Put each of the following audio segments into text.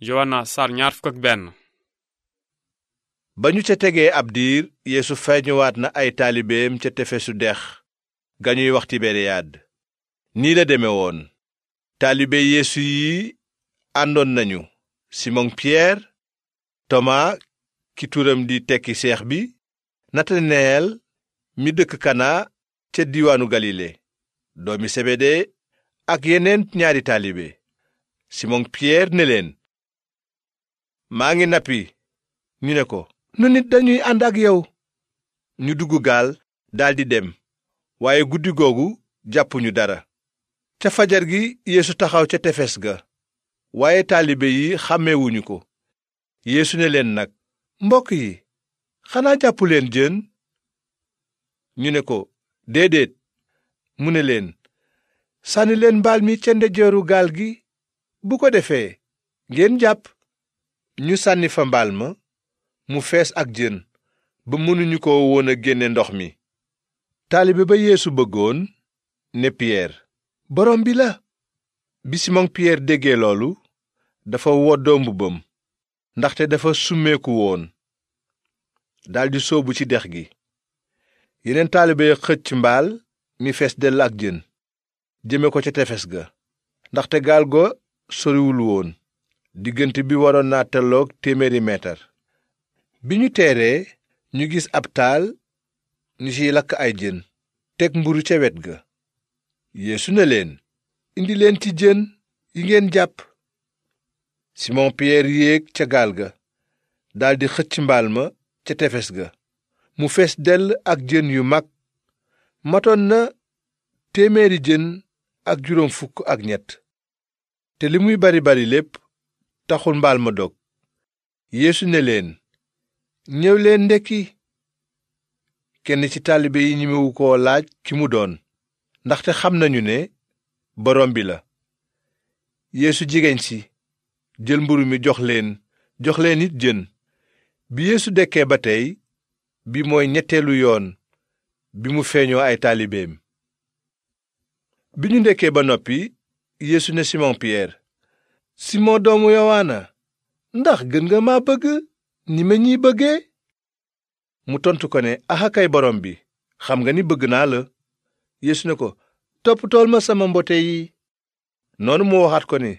Yowaana sar ñaar ba ñu ca tegee ab diir yeesu feeñuwaat na ay taalibeem ca tefesu dex ga ñuy wax tiberiyaad nii la deme woon taalibe yeesu yi àndoon nañu simon piyeer tomaa ki tuuram di tekki seex bi nataneyel mi dëkk kana ca diiwaanu galile doomi sebede ak yeneen ñaari taalibe simon piyeer ne maa ngi nappi ñu ne ko nu nit dañuy ànd ak yow ñu dugg gaal daldi dem waaye guddi googu jàppuñu dara ca fajar gi yéesu taxaw ca tefes ga waaye taalibe yi xàmmewuñu ko yéesu ne leen nag mbokk yi xanaa jàppu leen jën ñu ne ko déedéet mu ne leen sànni leen mbaal mi ca ndejooru gaal gi bu ko defee ngeen jàpp ñu sànni fa mbaal ma mu fees ak jën ba mënuñu ko woon génne ndox mi taalibe ba yeesu bëggoon ne piyeer borom bi la bi simon piyeer déggee loolu dafa woddoo mbubbam ndaxte dafa summeeku woon daldi sóobu ci dex gi yeneen taalibe xëcc mbaal mi fees dell ak jën jëme ko ca tefes ga ndaxte gaal go soriwul woon diggante bi waroon naa tolloog téeméeri meetar bi ñu teeree ñu gis ab taal ñu ciy lakk ay jën teg mburu ca wet ga yeesu ne leen indi leen ci jën yi ngeen jàpp simon piyeer yéeg ca gaal ga daldi xëcc mbaal ma ca tefes ga mu fees dell ak jën yu mag matoon na téeméeri jën ak juróom fukk ak ñett te li muy bari bari lépp taxul mbaal ma dog yéesu ne leen ñëw leen ndekki kenn ci taalibe yi ñemewu ko laaj ki mu doon ndaxte xam nañu ne borom bi la yéesu jigéen si jël mburu mi jox leen jox leen it jën bi yeesu dekkee ba tey bi mooy ñetteelu yoon bi mu feeñoo ay taalibeem bi ñu ndekkee ba noppi yéesu ne simon pierre simon doomu yowaana ndax gën nga ma bëgg ni ma ñiy bëggee mu tontu ko ne axakay borom bi xam nga ni bëgg naa la yeesu ne ko toppatool ma sama mbote yi noonu mu waxaat ko ne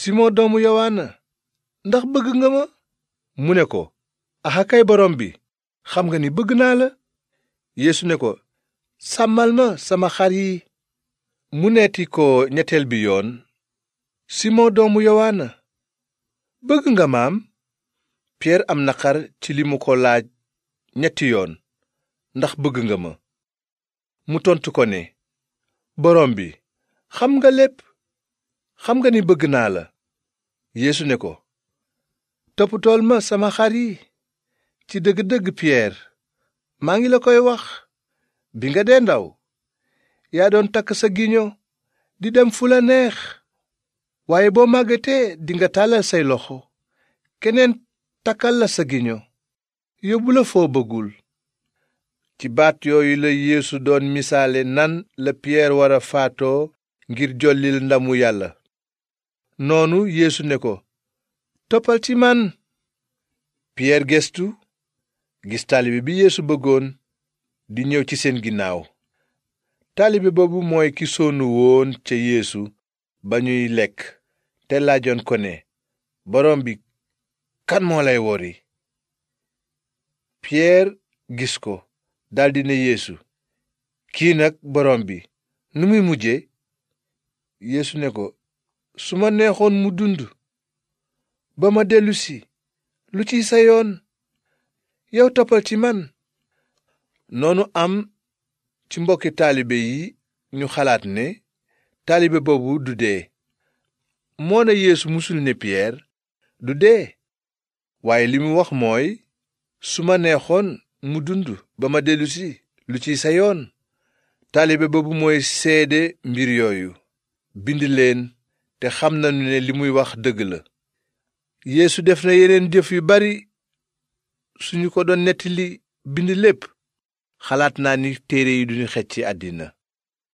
simon doomu yowaana ndax bëgg nga ma mu ne ko axakay borom bi xam nga ni bëgg naa la yéesu ne ko sàmmal ma sama xar yi mu neeti ko ñetteel bi yoon simon doomu yowaana bëgg nga maam piyeer am naqar ci li mu ko laaj ñetti yoon ndax bëgg nga ma mu tontu ko ne borom bi xam nga lépp xam nga ni bëgg naa la yéesu ne ko tool ma sama xar yi ci dëgg-dëgg piyeer maa ngi la koy wax bi nga dee ndaw yaa doon takk sa giño di dem fu la neex waaye boo màggatee dinga tàllal say loxo keneen takkal la sa giño yóbbu la foo bëggul ci baat yooyu la yéesu doon misaale nan la piyeer war faatoo ngir jollil ndamu yàlla noonu yéesu ne ko toppal ci man piyeer gestu gis taalibe bi yeesu bëggoon di ñëw ci seen ginnaaw taalibe boobu mooy ki sonnu woon ca yeesu ba ñuy lekk te laajoon ko ne boroom bi kan moo lay wori piyeer gis ko daldi ne yéesu kii nag boroom bi nu muy mujje yeesu ne ko su ma neexoon mu dund ba ma dellusi lu ci sa yoon yow toppal ci man noonu am ci mbokki taalibe yi ñu xalaat ne taalibe boobu du dee moo na yeesu musul ne piyeer du dee waaye li mu wax mooy su ma neexoon mu dund ba ma dellusi lu ci sa yoon taalibe boobu mooy seede mbir yooyu bind leen te xam nañu ne li muy wax dëgg la yéesu def na yeneen jëf yu bari suñu ko doon nettali bind lépp xalaat naa ni téere yi duñu xecc ci àddina